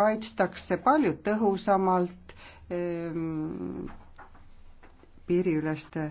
kaitstakse palju tõhusamalt ehm, piiriüleste